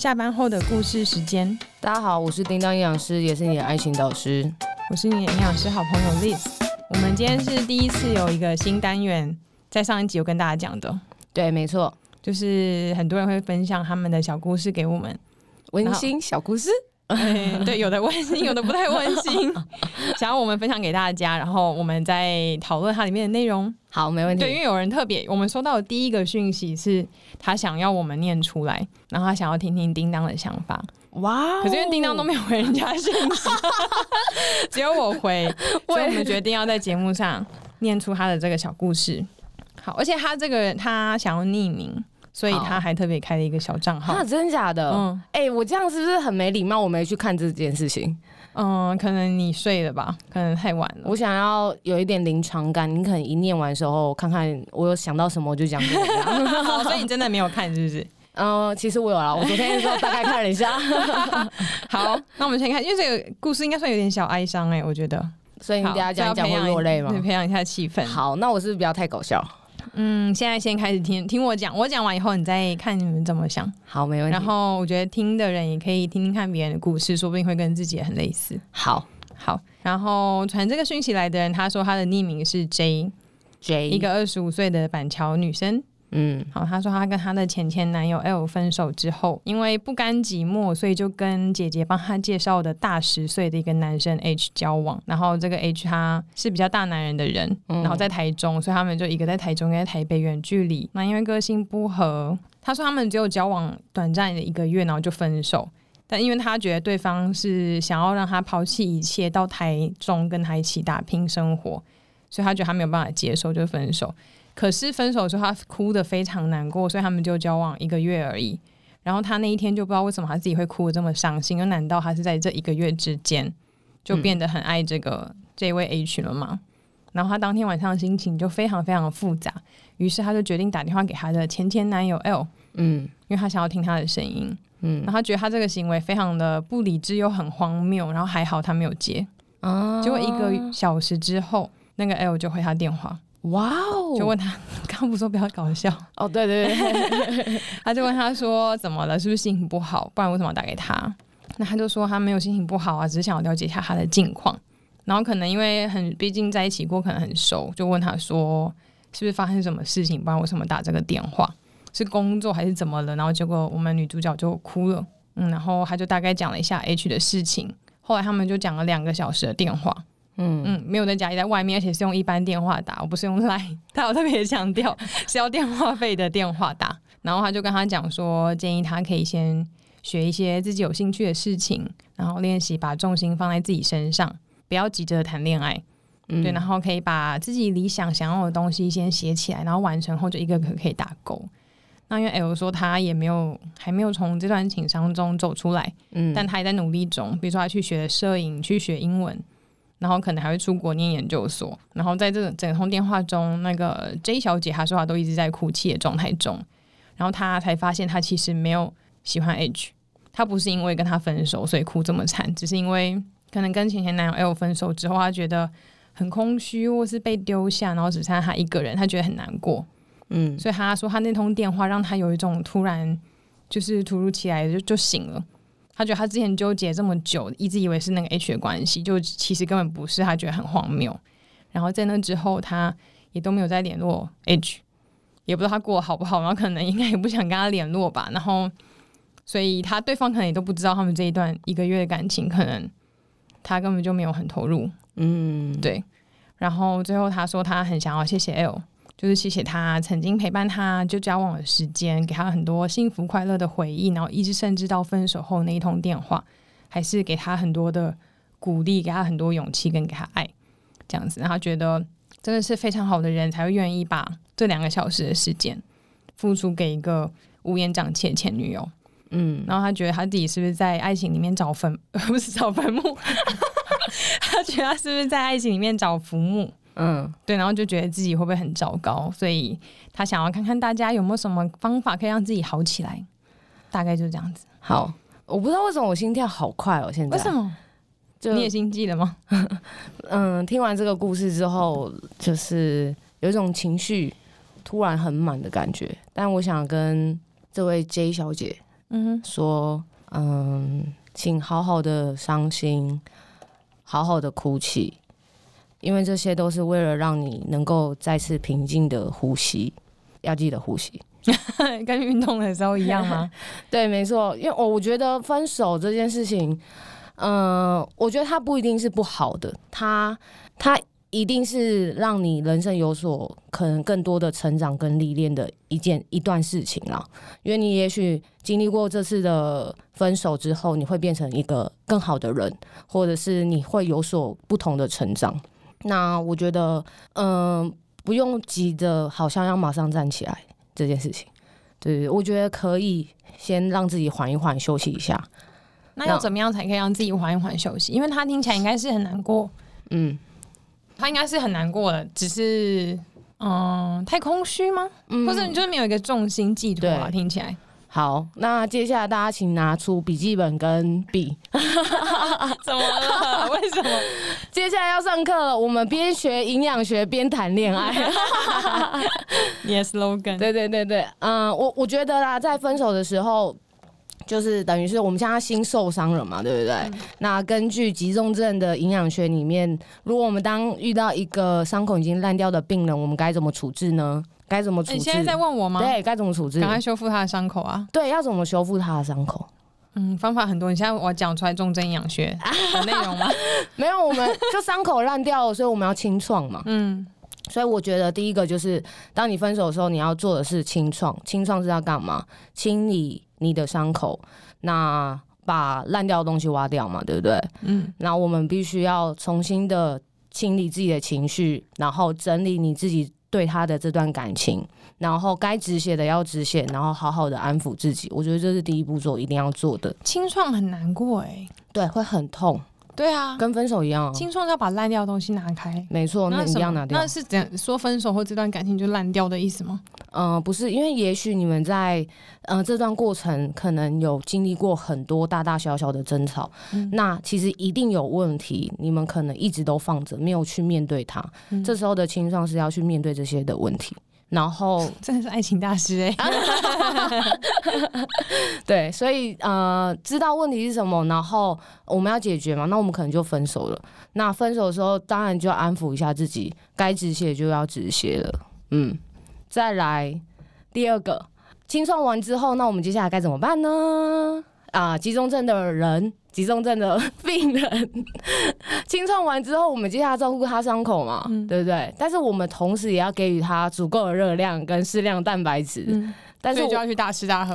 下班後的故事時間，大家好，我是叮當營養師，也是你的愛情導師，我是你的營養師好朋友 Liz，我們今天是第一次有一個新單元，在上一集有跟大家講的，對，沒錯，就是很多人會分享他們的小故事給我們，溫馨小故事。 欸、對，有的溫馨，有的不太溫馨， 想要我們分享給大家，然後我們再討論它裡面的內容。好，沒問題。對，因為有人特別，我們收到的第一個訊息是，他想要我們念出來，然後他想要聽聽叮當的想法。哇 Wow！可是因為叮當都沒有回人家訊息， 只有我回，所以我們決定要在節目上念出他的這個小故事。好，而且他這個他想要匿名。所以他還特別開了一個小賬號。那真的假的？哎、嗯，欸，我這樣是不是很沒禮貌？我沒去看這件事情，嗯，可能你睡了吧，可能太晚了。我想要有一點臨場感，你可能一念完之後，我看看我有想到什麼，我就講。所以你真的沒有看是不是？ 嗯，其實我有啦，我昨天的時候大概看了一下。 好，那我們先看，因為這個故事應該算有點小哀傷，哎、欸，我覺得，所以你等下講講會落淚嗎？培養一下氣氛。好，那我是不是不要太搞笑？嗯，現在先開始聽聽我講，我講完以後你再看你們怎麼想。好，沒問題。然後我覺得聽的人也可以聽聽看別人的故事，說不定會跟自己也很類似。好，好。然後傳這個訊息來的人，他說他的匿名是 J J，一個二十五歲的板橋女生。嗯，好。他說他跟他的前前男友 L 分手之後，因為不甘寂寞，所以就跟姐姐幫他介紹的大十歲的一個男生 H 交往。然後這個 H 他是比較大男人的人，然後在台中，嗯、所以他們就一個在台中，一個在台北，遠距離。那因為個性不合，他說他們只有交往短暫的一個月，然後就分手。但因為他覺得對方是想要讓他拋棄一切到台中跟他一起打拼生活，所以他覺得他沒有辦法接受，就分手。可是分手的時候，他哭得非常難過，所以他們就交往一個月而已。然後他那一天就不知道為什麼他自己會哭得這麼傷心。又難道他是在這一個月之間就變得很愛這個、嗯、這位 H 了嗎？然後他當天晚上心情就非常非常的複雜，於是他就決定打電話給他的前前男友 L。嗯，因為他想要聽他的聲音。嗯，然後他覺得他這個行為非常的不理智又很荒謬。然後還好他沒有接。啊、哦，結果一個小時之後，那個 L 就回他電話。哇哦！Wow, 就問他，剛剛不說不要搞笑哦？對對對， 他就問他說怎麼了？是不是心情不好？不然為什麼打給他？那他就說他沒有心情不好啊，只是想要了解一下他的近況。然後可能因為很，畢竟在一起過，可能很熟，就問他說是不是發生什麼事情？不然為什麼打這個電話？是工作還是怎麼了？然後結果我們女主角就哭了。嗯，然後他就大概講了一下 H 的事情。後來他們就講了兩個小時的電話。嗯嗯，沒有在家裡，在外面，而且是用一般電話打，我不是用 Line。他有特別強調，是要電話費的電話打。然後他就跟他講說，建議他可以先學一些自己有興趣的事情，然後練習把重心放在自己身上，不要急着談戀愛，嗯、對。然後可以把自己理想想要的東西先寫起來，然後完成後就一個個可以打勾。那因為 L 說他也沒有還沒有從這段情傷中走出來，嗯，但他也在努力中，比如說他去學攝影，去學英文。然後可能還會出國念研究所。然後在這整通電話中，那個 J 小姐她說，她都一直在哭泣的狀態中。然後她才發現，她其實沒有喜歡 H，她不是因為跟他分手所以哭這麼慘，只是因為可能跟前前男友 L 分手之後，她覺得很空虛，或是被丟下，然後只剩下她一個人，她覺得很難過。嗯，所以她說，她那通電話讓她有一種突然，就是突如其來就就醒了。他覺得他之前糾結這麼久，一直以為是那個 H 的關係，就其實根本不是。他覺得很荒謬，然後在那之後，他也都沒有再聯絡 H，也不知道他過得好不好。然後可能應該也不想跟他聯絡吧。然後，所以他對方可能也都不知道，他們這一段一個月的感情，可能他根本就沒有很投入。嗯，對。然後最後他說他很想要謝謝 L。就是謝謝他曾經陪伴他，就交往的時間，給他很多幸福快樂的回憶，然後一直甚至到分手後那一通電話，還是給他很多的鼓勵，給他很多勇氣，跟給他愛，這樣子，然後覺得真的是非常好的人才會願意把這兩個小時的時間付出給一個無言長的前女友，嗯，然後他覺得他自己是不是在愛情裡面找墳，不是找墳墓？ 他覺得他是不是在愛情裡面找浮木。嗯，對，然後就覺得自己會不會很糟糕，所以他想要看看大家有沒有什麼方法可以讓自己好起來，大概就這樣子。好，我不知道為什麼我心跳好快哦，現在為什麼？就你也心悸了嗎？ 嗯，聽完這個故事之後，就是有一種情緒突然很滿的感覺。但我想跟這位 J 小姐，嗯，說，嗯，哼嗯，請好好的傷心，好好的哭泣。因為這些都是為了讓你能夠再次平靜的呼吸，要記得呼吸， 跟運動的時候一樣嗎？ 對，沒錯。因為我我覺得分手這件事情，嗯、呃，我覺得它不一定是不好的，它它一定是讓你人生有所可能更多的成長跟歷練的一件一段事情啦。因為你也許經歷過這次的分手之後，你會變成一個更好的人，或者是你會有所不同的成長。那我覺得，嗯、呃，不用急着，好像要馬上站起來這件事情，對對，我覺得可以先讓自己緩一緩，休息一下。那要怎麼樣才可以讓自己緩一緩休息？那因為他聽起來應該是很難過，嗯，他應該是很難過的，只是，嗯、呃，太空虛嗎？嗯、或者你就是沒有一個重心寄託啊？對聽起來。好，那接下來大家請拿出筆記本跟筆。 怎麼了？為什麼？接下來要上課了。我們邊學營養學邊談戀愛。Yes，Logan 對對對對，嗯，我我覺得啦，在分手的時候，就是等於是我們現在心受傷了嘛，對不對？嗯、那根據急重症的營養學裡面，如果我們當遇到一個傷口已經爛掉的病人，我們該怎麼處置呢？該怎麼處置？你、欸、現在在問我嗎？對，該怎麼處置？趕快修復他的傷口啊！對，要怎麼修復他的傷口？嗯，方法很多。你現在我講出來重，重症營養學有內容嗎？ 沒有，我們就傷口爛掉了。所以我們要清創嘛。嗯，所以我覺得第一個就是，當你分手的時候，你要做的是清創。清創是要幹嘛？清理你的傷口，那把爛掉的東西挖掉嘛，對不對？嗯，那我們必須要重新的清理自己的情緒，然後整理你自己。對他的這段感情，然後該止血的要止血，然後好好的安撫自己，我覺得這是第一步驟一定要做的。清創很難過哎、欸，對，會很痛，對啊，跟分手一樣、啊。清創要把爛掉的東西拿開，沒錯錯，那一樣拿掉。那是怎說分手後這段感情就爛掉的意思嗎？嗯、呃，不是，因為也許你們在嗯、呃、這段過程可能有經歷過很多大大小小的爭吵，嗯、那其實一定有問題，你們可能一直都放着沒有去面對它。嗯、這時候的清創是要去面對這些的問題，然後真的是愛情大師哎，對，所以呃，知道問題是什麼，然後我們要解決嘛，那我們可能就分手了。那分手的時候，當然就要安撫一下自己，該止血就要止血了，嗯。再來第二個清創完之後，那我們接下來該怎麼辦呢？啊，急重症的人，急重症的病人，清創完之後，我們接下來照顧他傷口嘛，嗯、對不對？但是我們同時也要給予他足夠的熱量跟適量蛋白質。所以就要去大吃大喝。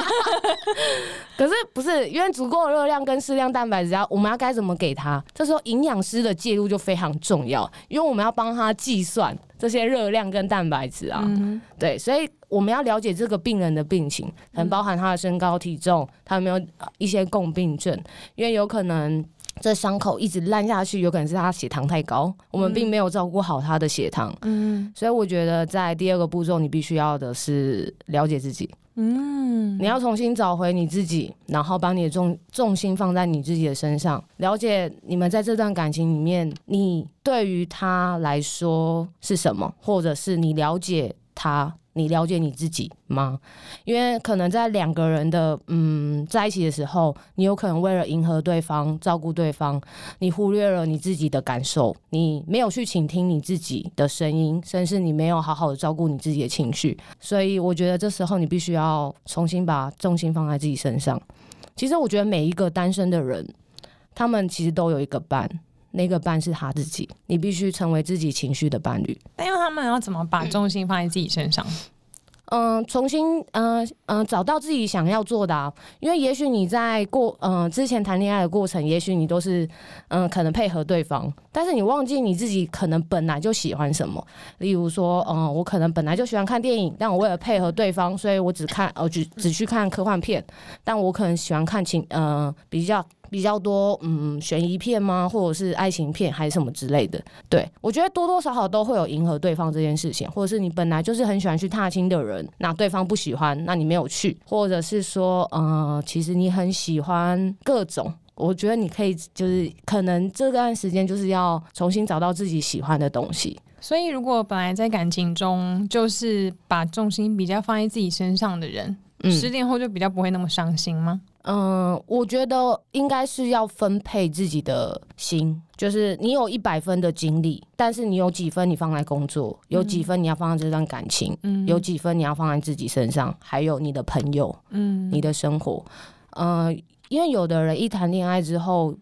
可是不是因為足夠的熱量跟適量蛋白質，啊，要我們要該怎麼給他？這時候營養師的介入就非常重要，因為我們要幫他計算。這些熱量跟蛋白質啊、嗯哼，對，所以我們要了解這個病人的病情，很包含他的身高、體重，他有沒有一些共病症，因為有可能這傷口一直爛下去，有可能是他血糖太高，我們並沒有照顧好他的血糖。嗯、哼所以我覺得在第二個步驟，你必須要的是了解自己。嗯，你要重新找回你自己，然後把你的重重心放在你自己的身上，了解你們在這段感情裡面，你對於他來說是什麼，或者是你了解他。你了解你自己嗎？因為可能在兩個人的嗯在一起的時候，你有可能為了迎合對方、照顧對方，你忽略了你自己的感受，你沒有去傾聽你自己的聲音，甚至你沒有好好的照顧你自己的情緒。所以，我覺得這時候你必須要重新把重心放在自己身上。其實，我覺得每一個單身的人，他們其實都有一個伴。那個伴是他自己，你必須成為自己情緒的伴侶。但要他們要怎麼把重心放在自己身上？嗯、呃，重新，嗯、呃、嗯、呃，找到自己想要做的、啊。因為也許你在過，嗯、呃，之前談戀愛的過程，也許你都是，嗯、呃，可能配合對方，但是你忘記你自己可能本來就喜歡什麼。例如說，嗯、呃，我可能本來就喜歡看電影，但我為了配合對方，所以我只看，哦、呃，只只去看科幻片，但我可能喜歡看情，嗯、呃，比較。比較多，嗯，懸疑片嗎？或者是愛情片，還是什麼之類的？對。我覺得多多少少都會有迎合對方這件事情，或者是你本來就是很喜歡去踏青的人，那對方不喜歡，那你沒有去，或者是說，嗯、呃，其實你很喜歡各種，我覺得你可以就是可能這段時間就是要重新找到自己喜歡的東西。所以，如果本來在感情中就是把重心比較放在自己身上的人，十年、嗯、後就比較不會那麼傷心嗎？嗯、呃，我覺得應該是要分配自己的心，就是你有一百分的精力，但是你有幾分你放在工作，有幾分你要放在這段感情，嗯嗯、有幾分你要放在自己身上，還有你的朋友，嗯，你的生活，呃，因為有的人一談戀愛之後，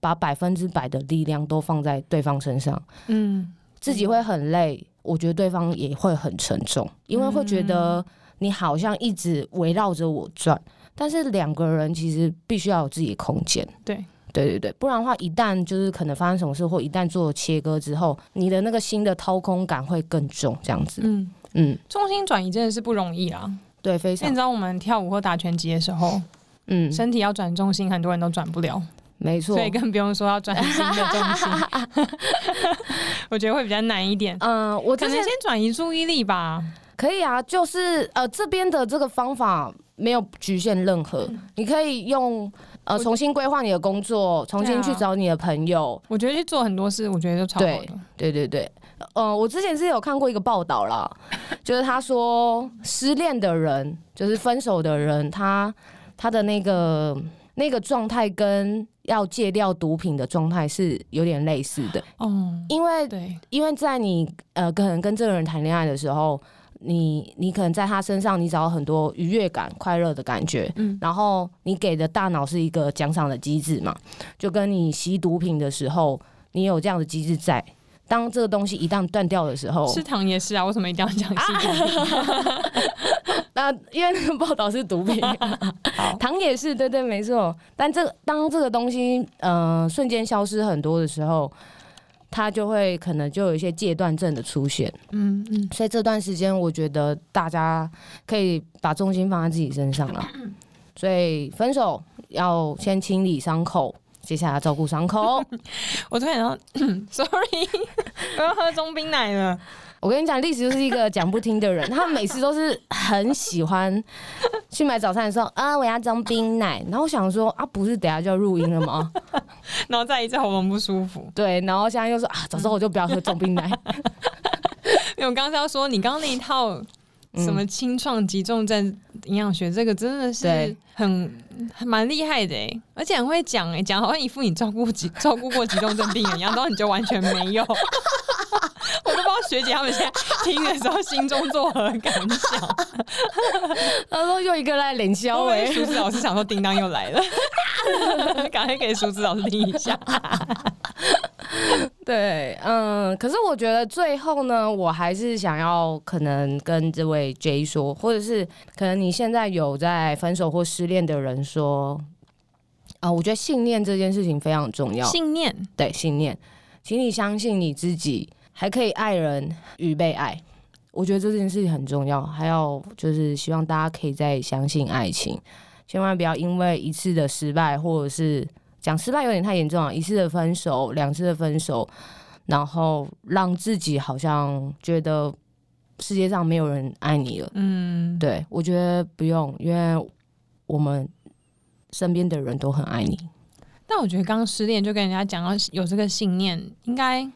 把百分之百的力量都放在對方身上，嗯，自己會很累，我覺得對方也會很沉重，因為會覺得你好像一直圍繞着我轉。但是兩個人其實必須要有自己的空間，對對對對，不然的話，一旦就是可能發生什麼事，或一旦做切割之後，你的那個心的掏空感會更重，這樣子。嗯嗯，嗯重心轉移真的是不容易啦，對，非常。你知道我們跳舞或打拳擊的時候，嗯，身體要轉重心，很多人都轉不了，沒錯錯，所以更不用說要轉心的重心， 我覺得會比較難一點。嗯、呃，我可能先轉移注意力吧。可以啊，就是呃，這邊的這個方法沒有局限任何，嗯、你可以用呃重新規劃你的工作，就重新去找你的朋友、啊。我覺得去做很多事，我覺得就超好的。對對對對，呃，我之前是有看過一個報道啦， 就是他說失戀的人，就是分手的人，他他的那個那個狀態跟要戒掉毒品的狀態是有點類似的。嗯，因為對，因為在你呃可能跟這個人談戀愛的時候。你你可能在他身上，你找到很多愉悅感、快樂的感覺，嗯，然後你給的大腦是一個獎賞的機制嘛，就跟你吸毒品的時候，你有這樣的機制在。當這個東西一旦斷掉的時候，吃糖也是啊，為什麼一定要講吸毒品？那因為那個報道是毒品， 糖也是，對對，沒錯。但這個當這個東西，嗯、呃，瞬間消失很多的時候。他就會可能就有一些戒斷症的出現，嗯，嗯嗯，所以這段時間我覺得大家可以把重心放在自己身上了、啊。所以分手要先清理傷口，接下來照顧傷口。 我突然想 sorry 我要喝中冰奶了。我跟你講，歷史就是一個講不聽的人。他每次都是很喜歡去買早餐的時候 啊，我要裝冰奶。然後我想說啊，不是等下就要錄音了嗎？ 然後再一次喉嚨不舒服。對，然後現在又說啊，早知道我就不要喝重冰奶。因為剛剛要說你剛剛那一套什麼清創急重症營養學，嗯、這個真的是很蠻厲對害的，而且很會講哎，講好像一副你照顧急照顧過急重症病人一樣， 然後你就完全沒有。 學姐他們現在聽的時候，心中作何感想？ 他說：“又一個來領笑。”哎，蘇字老師想說：“叮當又來了。”趕快給蘇字老師聽一下。 對，嗯，可是我覺得最後呢，我還是想要可能跟這位 J 說，或者是可能你現在有在分手或失戀的人說啊，我覺得信念這件事情非常重要。信念，對信念，請你相信你自己。還可以愛人與被愛，我覺得這件事情很重要。還有就是希望大家可以再相信愛情，千萬不要因為一次的失敗或者是講失敗有點太嚴重了。一次的分手，兩次的分手，然後讓自己好像覺得世界上沒有人愛你了。嗯，對，我覺得不用，因為我們身邊的人都很愛你。但我覺得剛失戀就跟人家講要有這個信念，應該。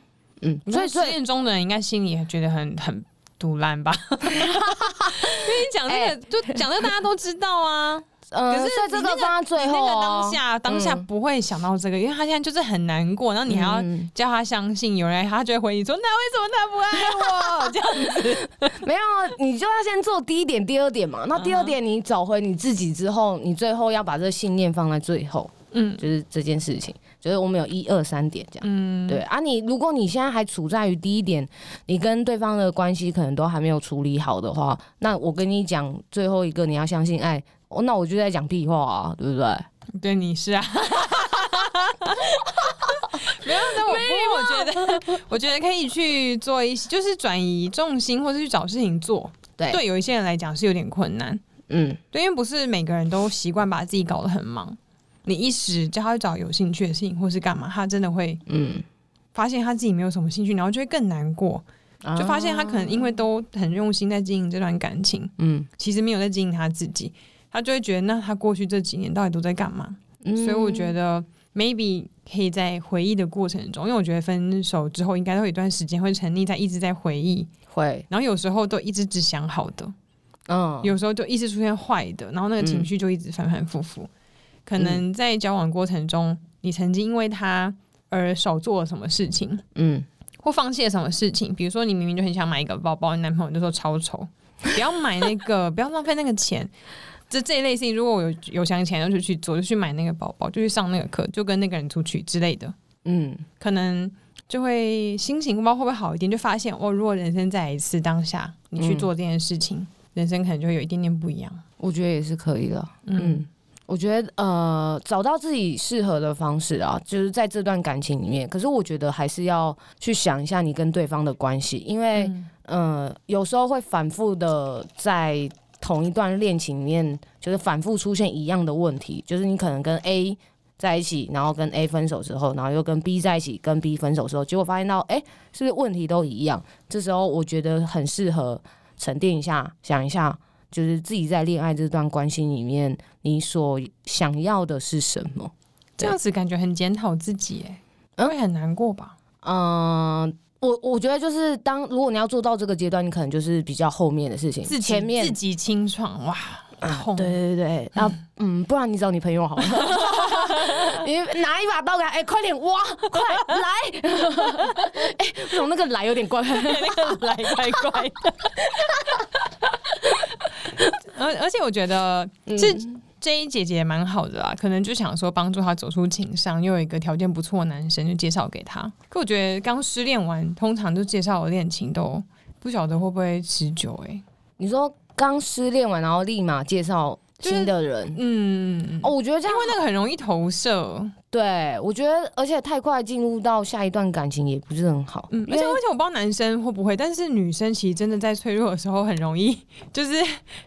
嗯，所以失戀中的人應該心裡也覺得很很賭爛吧？ 因為講這、那個、欸、就講這個大家都知道啊，呃、可是、那個、這個最後、哦、那個當下、嗯、當下不會想到這個，因為他現在就是很難過，然後你還要叫他相信有人，嗯、他就會回你說：那為什麼他不愛我？這樣子 沒有，你就要先做第一點、第二點嘛。那第二點你找回你自己之後，你最後要把這個信念放在最後，嗯，就是這件事情。就是我們有一二三點這樣，嗯對，對啊，你如果你現在還處在於第一點，你跟對方的關係可能都還沒有處理好的話，那我跟你講最後一個，你要相信愛，哎、哦，那我就在講屁話啊，對不對？對，你是啊， 沒有那我不有我覺得，我覺得可以去做一些，就是轉移重心，或者去找事情做。對，對，有一些人來講是有點困難，嗯，對，因為不是每個人都習慣把自己搞得很忙。你一時叫他去找有興趣的事情，或是幹嘛，他真的會嗯發現他自己沒有什麼興趣，然後就會更難過，就發現他可能因為都很用心在經營這段感情，嗯，其實沒有在經營他自己，他就會覺得那他過去這幾年到底都在幹嘛？所以我覺得 maybe 可以在回憶的過程中，因為我覺得分手之後應該會有一段時間會沉溺在一直在回憶，會，然後有時候都一直只想好的，嗯，有時候就一直出現壞的，然後那個情緒就一直反反复复。可能在交往過程中，嗯、你曾經因為他而少做了什麼事情，嗯，或放棄了什麼事情，比如說你明明就很想買一個包包，你男朋友就說超醜，不要買那個， 不要浪費那個錢， 就這一類型。如果我有有想起來我就去做，就去買那個包包，就去上那個課，就跟那個人出去之類的，嗯，可能就會心情不知道會不會好一點，就發現哦，如果人生再來一次，當下你去做這件事情，嗯、人生可能就會有一點點不一樣。我覺得也是可以的，嗯。嗯我覺得呃，找到自己適合的方式啊，就是在這段感情裡面。可是我覺得還是要去想一下你跟對方的關係，因為、嗯、呃，有時候會反覆的在同一段戀情裡面，就是反覆出現一樣的問題。就是你可能跟 A 在一起，然後跟 A 分手之後，然後又跟 B 在一起，跟 B 分手之後，結果發現到哎、欸，是不是問題都一樣？這時候我覺得很適合沉澱一下，想一下。就是自己在戀愛這段關係裡面，你所想要的是什麼？這樣子感覺很檢討自己，哎、嗯，會很難過吧？嗯、呃，我我覺得就是當如果你要做到這個階段，你可能就是比較後面的事情，自己前面自己清創哇，面、啊、痛對對對，嗯啊嗯，不然你找你朋友好不好， 你拿一把刀給他，哎、欸，快點挖，快來，哎、 欸，為什麼那個來有點怪、怪？ 那個來太怪、怪的。 而而且我覺得這 J 姐姐蠻好的啊，嗯、可能就想說幫助他走出情傷，又有一個條件不錯的男生就介紹給他。可我覺得剛失戀完，通常就介紹的戀情都不曉得會不會持久哎、欸。你說剛失戀完，然後立馬介紹新的人，就是、嗯，哦，我覺得這樣，因為那個很容易投射。對，我覺得，而且太快進入到下一段感情也不是很好。嗯，而且而且我不知道男生會不會，為但是女生其實真的在脆弱的時候，很容易就是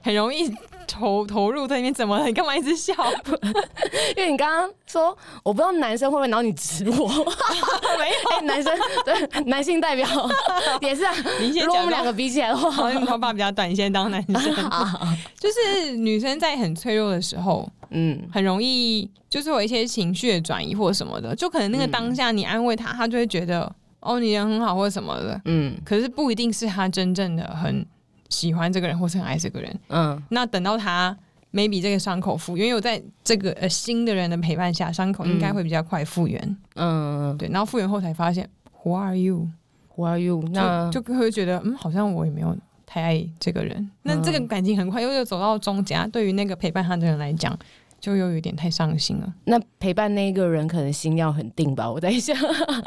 很容易投投入在裡面。怎麼了你干嘛一直笑？ 因為你剛剛說我不知道男生會不會撓你指我、 哦？沒有，欸、男生，對，男性代表 也是。如果我們兩個比起來的話， 好像你頭髮比較短一些，當男生， 就是女生在很脆弱的時候， 嗯，很容易就是有一些情緒的滿意或什麼的，就可能那個當下你安慰他，嗯、他就會覺得哦，你人很好或者什麼的，嗯。可是不一定是他真正的很喜歡這個人或是很愛這個人，嗯。那等到他 maybe 這個傷口復原，有在這個呃新的人的陪伴下，傷口應該會比較快復原嗯，嗯。對，然後復原後才發現，Who are you？Who are you？那就就會覺得，嗯，好像我也沒有太愛這個人。那這個感情很快、嗯、又又走到中間，對於那個陪伴他的人來講。就又有點太傷心了。那陪伴那個人可能心要很定吧？我在想，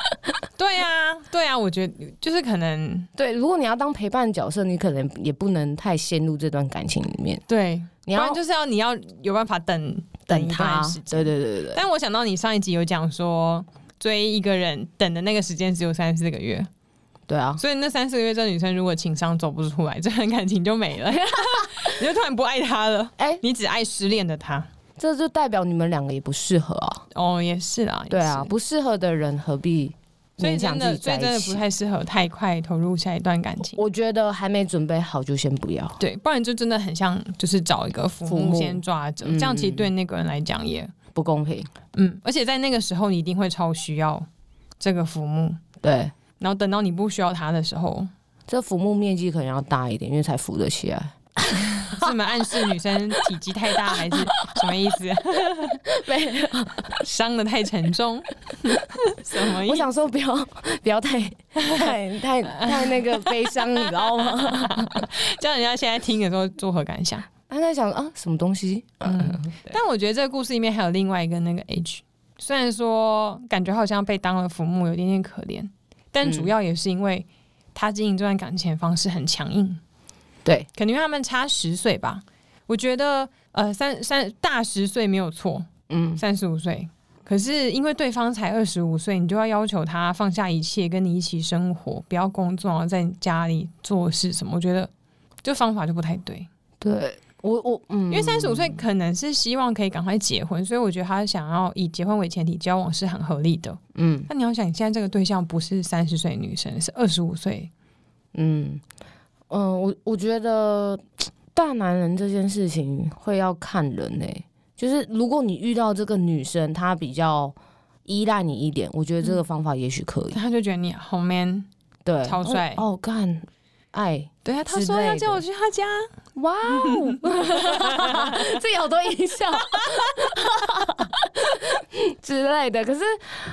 對啊，對啊，我覺得就是可能，對。如果你要當陪伴角色，你可能也不能太陷入這段感情裡面。對，你要當然就是要你要有辦法等等他，一段時間他。對對對對對。但我想到你上一集有講說，追一個人等的那個時間只有三四個月。對啊，所以那三四個月，這個女生如果情商走不出來，這段感情就沒了， 你就突然不愛她了。哎、欸，你只愛失戀的她。這就代表你們兩個也不適合啊。哦！哦，也是啊。對啊，是不適合的人何必勉強自己在一起？所以真的，最真的不太適合太快投入下一段感情。我覺得還沒準備好就先不要。對，不然就真的很像就是找一個浮木先抓着，嗯、這樣其實對那個人來講也不公平。嗯，而且在那個時候你一定會超需要這個浮木。對，然後等到你不需要他的時候，這浮木面積可能要大一點，因為才扶得起來。 是什麼暗示，女生體積太大，還是什麼意思？被傷 得太沉重， 什麼意思？我想說不要不要太、太、太太那個悲傷，你知道嗎？ 叫人家現在聽的時候作何感想？他在、啊、想啊，什麼東西？嗯。對但我覺得這個故事裡面還有另外一個那個 H，雖然說感覺好像被當了浮木，有點點可憐，但主要也是因為他經營這段感情的方式很強硬。對，肯定因為他們差十歲吧，我覺得呃，三三大十歲沒有錯，嗯，三十五歲，可是因為對方才二十五歲，你就要要求他放下一切跟你一起生活，不要工作，然後在家裡做事什麼，我覺得這方法就不太對。對，我我嗯，因為三十五歲可能是希望可以趕快結婚，所以我覺得他想要以結婚為前提交往是很合理的。嗯，那你要想，你現在這個對象不是三十歲女生，是二十五歲，嗯。嗯、呃，我我覺得大男人這件事情會要看人哎、欸，就是如果你遇到這個女生，她比較依賴你一點，我覺得這個方法也許可以。嗯、他就覺得你好 man，對，超帥哦，幹、哦、愛，對啊，他說要叫我去他家，哇哦，這有好多音效。 之類的，可是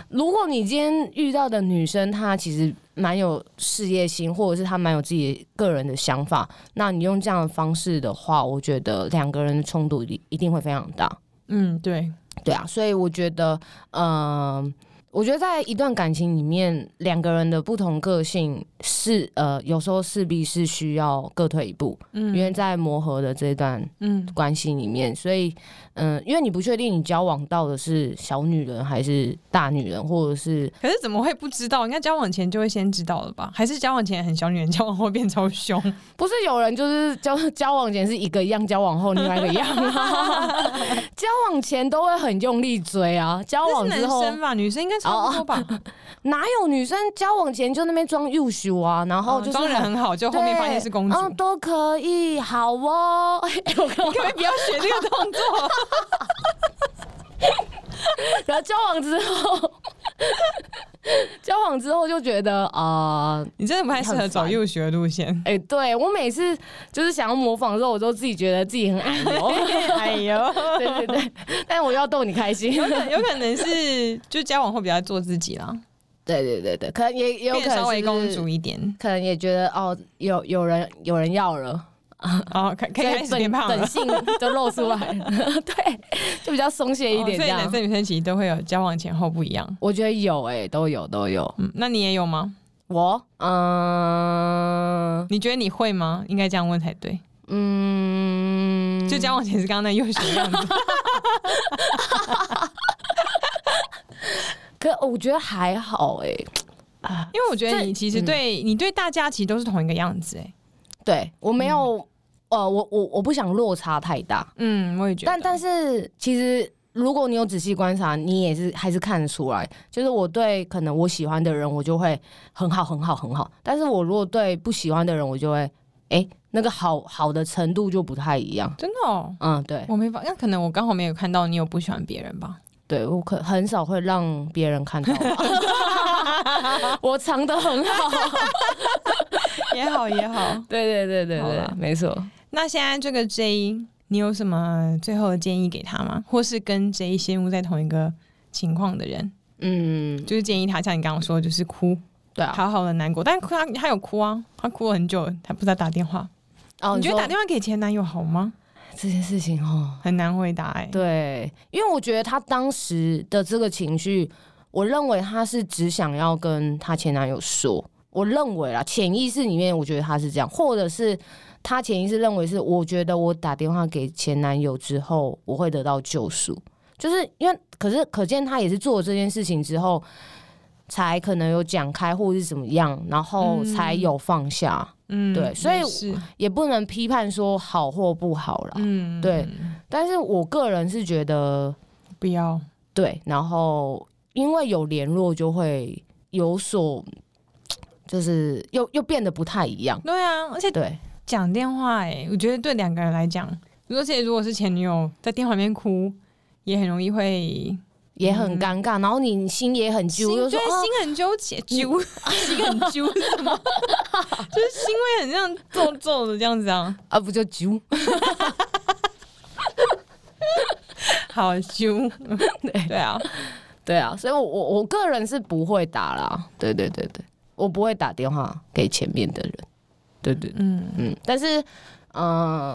如果你今天遇到的女生，她其實蠻有事業心，或者是她蠻有自己個人的想法，那你用這樣的方式的話，我覺得兩個人的衝突一定會非常大。嗯，對，對啊，所以我覺得，嗯、呃。我覺得在一段感情裡面，兩個人的不同個性是呃，有時候勢必是需要各退一步，嗯，因為在磨合的這段嗯關係裡面，嗯、所以嗯、呃，因為你不確定你交往到的是小女人還是大女人，或者是可是怎麼會不知道？應該交往前就會先知道了吧？還是交往前很小女人，交往後變超凶？不是有人就是交交往前是一個樣，交往後另外一個樣、啊、 交往前都會很用力追啊，交往之後男生嘛，女生應該。差不多吧。哦吧、哦，哪有女生交往前就那邊裝優秀啊？然後就是、嗯、裝人很好，就後面發現是公主，嗯、都可以，好哦。欸、我你可不可以不要學這個動作，然後交往之後。交往之後就覺得啊，呃、你真的不太適合走幼學路線。哎、欸，對我每次就是想要模仿的時候，我都自己覺得自己很矮油，矮油、 哎呦。 對對對，但我又要逗你開心，有可，有可能是就交往後比較做自己啦。 對對對對，可能也也有可能稍微公主一點，可能也覺得哦，有有人有人要了。啊，好、哦，可以開始變胖了，本性都露出來了， 對，就比較鬆懈一點。這樣，哦、所以男生女生其實都會有交往前後不一樣。我覺得有、欸，哎，都有，都有。嗯，那你也有嗎？我，嗯、呃，你覺得你會嗎？應該這樣問才對。嗯，就交往前是剛剛那幼兒的樣子？ 可我覺得還好、欸，哎，因為我覺得你其實對、嗯、你對大家其實都是同一個樣子、欸，哎，對我沒有、嗯。呃、我我我不想落差太大。嗯，我也覺得。但但是其實，如果你有仔細觀察，你也是還是看得出來，就是我對可能我喜歡的人，我就會很好很好很好。但是我如果對不喜歡的人，我就會哎，那個好好的程度就不太一樣。真的哦，嗯，對，我沒法，那可能我剛好沒有看到你有不喜歡別人吧？對我可很少會讓別人看到我，我藏得很好， 好，也好也好， 對，對對對對對，了沒錯。那現在這個 J，你有什麼最後的建議給他嗎？或是跟 J 陷入在同一個情況的人，嗯，就是建議他，像你剛剛說的，就是哭，對啊，好好的難過。但是他他有哭啊，他哭了很久，他不知道打電話。哦、你覺得打電話給前男友好嗎？這件事情哦，很難回答哎、欸。對，因為我覺得他當時的這個情緒，我認為他是只想要跟他前男友說，我認為啊，潛意識裡面我覺得他是這樣，或者是。他潛意識認為是，我覺得我打電話給前男友之後，我會得到救贖，就是因為，可是可見他也是做了這件事情之後，才可能有講開或是怎麼樣，然後才有放下。嗯，對，所以也不能批判說好或不好啦。嗯，對，但是我個人是覺得不要。對，然後因為有聯絡就會有所，就是又又變得不太一樣。對啊，而且對。講電話哎、欸，我覺得對兩個人來講，而且如果是前女友在電話裡面哭，也很容易會也很尷尬，嗯、然後你心也很揪，就是心很糾結，揪心很揪是嗎？就是心會很像樣皺皺的這樣子啊？啊不就揪， 好揪， 對啊對啊，所以我我我個人是不會打啦，對對對對，我不會打電話給前面的人。對，對對，嗯嗯，但是，嗯、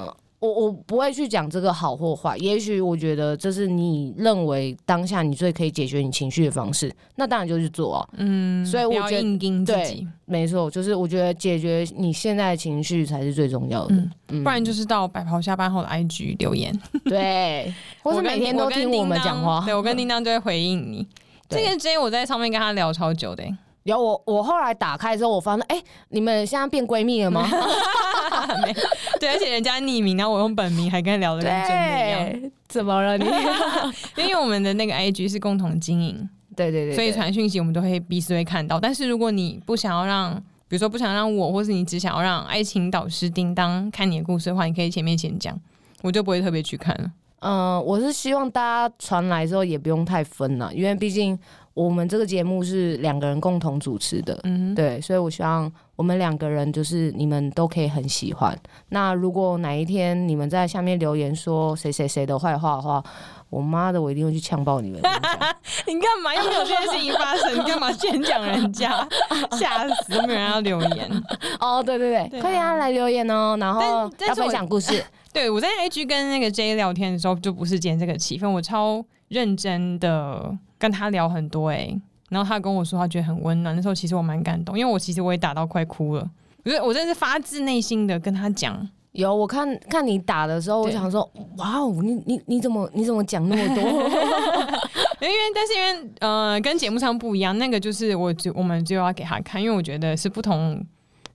呃，我我不會去講這個好或壞，也許我覺得這是你認為當下你最可以解決你情緒的方式，那當然就去做啊，嗯。所以我覺得，不要硬撐自己。對，沒錯，就是我覺得解決你現在的情緒才是最重要的，嗯嗯、不然就是到白袍下班後的 IG 留言，對， 跟或是每天都聽我們講話，對，我跟叮當就會回應你。嗯、這個 J 我在上面跟他聊超久的、欸。然後我我後來打開之後，我發現哎、欸，你們現在變閨蜜了嗎？ 沒？對，而且人家匿名，然後我用本名還跟他聊的跟真的一樣。怎麼了？你啊、 因為我們的那個 IG 是共同經營，對對對，對，所以傳訊息我們都會彼此會看到。但是如果你不想要讓，比如說不想讓我，或是你只想要讓愛情導師叮噹看你的故事的話，你可以前面先講，我就不會特別去看了。嗯、呃，我是希望大家傳來之後也不用太分了，因為畢竟。我們這個節目是兩個人共同主持的，嗯哼，對，所以我希望我們兩個人就是你們都可以很喜歡。那如果哪一天你們在下面留言說誰誰誰的壞話的話，我媽的，我一定會去嗆爆你們！ 你幹嘛又沒有這件事情發生？ 你幹嘛先講人家？嚇 死！都沒有人要留言。哦， oh, 對對對，可以啊，來留言哦、喔，然後要分享故事。我呃、對我在 IG 跟那個 J 聊天的時候，就不是今天這個氣氛，我超認真的。跟他聊很多哎、欸，然後他跟我說他覺得很溫暖。那時候其實我蠻感動，因為我其實我也打到快哭了，因為我真的是發自內心的跟他講。有我看看你打的時候，對我想說哇哦，你你你怎麼你怎麼講那麼多？ 因為但是因為呃，跟節目上不一樣，那個就是我我們就要給他看，因為我覺得是不同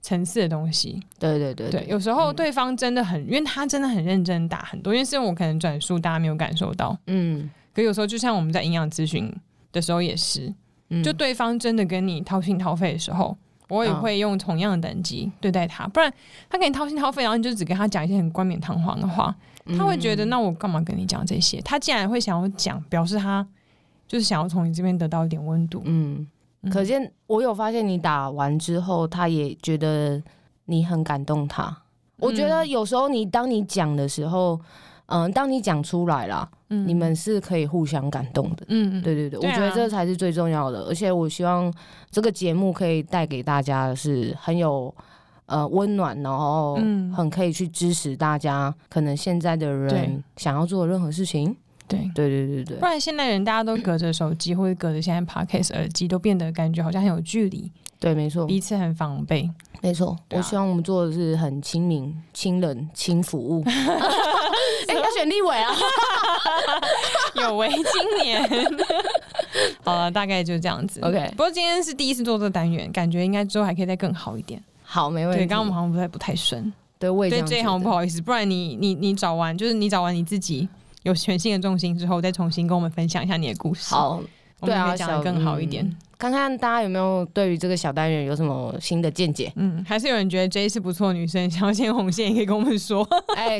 層次的東西。對對對對，有時候對方真的很，嗯、因為他真的很認真打很多，因為是因為我可能轉述，大家沒有感受到，嗯。可有時候，就像我們在營養諮詢的時候也是，嗯、就對方真的跟你掏心掏肺的時候，我也會用同樣的等級對待他。啊、不然，他跟你掏心掏肺，然後你就只跟他講一些很冠冕堂皇的話，他會覺得、嗯、那我幹嘛跟你講這些？他既然會想要講，表示他就是想要從你這邊得到一點溫度。嗯，嗯，可是我有發現，你打完之後，他也覺得你很感動他。嗯、我覺得有時候你當你講的時候。嗯，當你講出來啦，嗯，你們是可以互相感動的，嗯對對對，我覺得這才是最重要的。而且我希望這個節目可以帶給大家的是很有呃溫暖，然後很可以去支持大家，可能現在的人想要做任何事情，對對對對對，不然現在人大家都隔着手機或者隔着現在 Podcast 耳機，都變得感覺好像很有距離，對，沒錯，彼此很防備，沒錯。我希望我們做的是很親民、親人、親服務。立偉啊， 有為青年， 好了，大概就是這樣子。OK，不過今天是第一次做這個單元，感覺應該之後還可以再更好一點。好，沒問題。剛剛我們好像不太不太順，對，這對 J 好像不好意思，不然你你你找完，就是你找完你自己有全新的重心之後，再重新跟我們分享一下你的故事。好，對啊、我們要講得更好一點、嗯，看看大家有沒有對於這個小單元有什麼新的見解。嗯，還是有人覺得 J 是不錯的女生，想要牽紅線也可以跟我們說。哎、欸。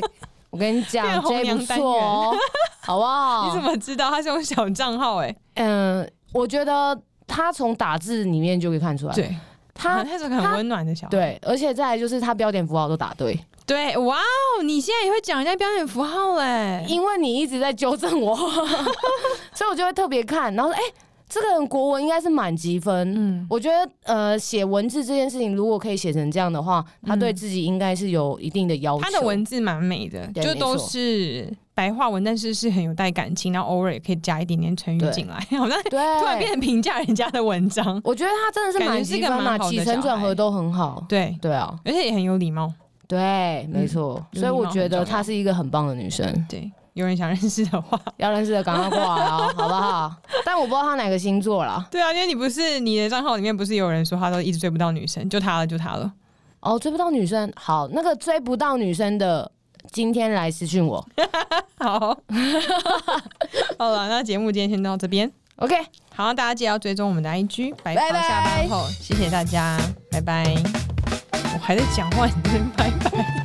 我跟你講，這不錯、喔， 好不好？你怎麼知道他是用小賬號、欸？哎，嗯，我覺得他從打字裡面就可以看出來，對他，他是很溫暖的小孩，對，而且再來就是他標點符號都打對，對，哇哦，你現在也會講人家標點符號嘞，因為你一直在糾正我， 所以我就會特別看，然後說，哎、欸。這個人國文應該是滿級分，嗯，我覺得呃寫文字這件事情，如果可以寫成這樣的話，他對自己應該是有一定的要求。他的文字蠻美的，就都是白話文，但是是很有帶感情，然後偶爾也可以加一點點成語進來，好像對，突然變成評價人家的文章。我覺得他真的是滿級分嘛，起承轉合都很好，對對啊，而且也很有禮貌，對，沒錯。所以我覺得她是一個很棒的女生，對。有人想認識的話，要認識的趕快過來啊，好不好？ 但我不知道他哪個星座了。對啊，因為你不是你的賬號裡面不是有人說他都一直追不到女生，就他了，就他了。哦，追不到女生，好，那個追不到女生的今天來私訊我。 好， 好了，那節目今天先到這邊。OK，好，大家記得要追蹤我們的 IG，白袍下班後，拜拜 bye。拜拜！謝謝大家，拜拜！拜拜！拜拜。我還在講話，你在拜拜。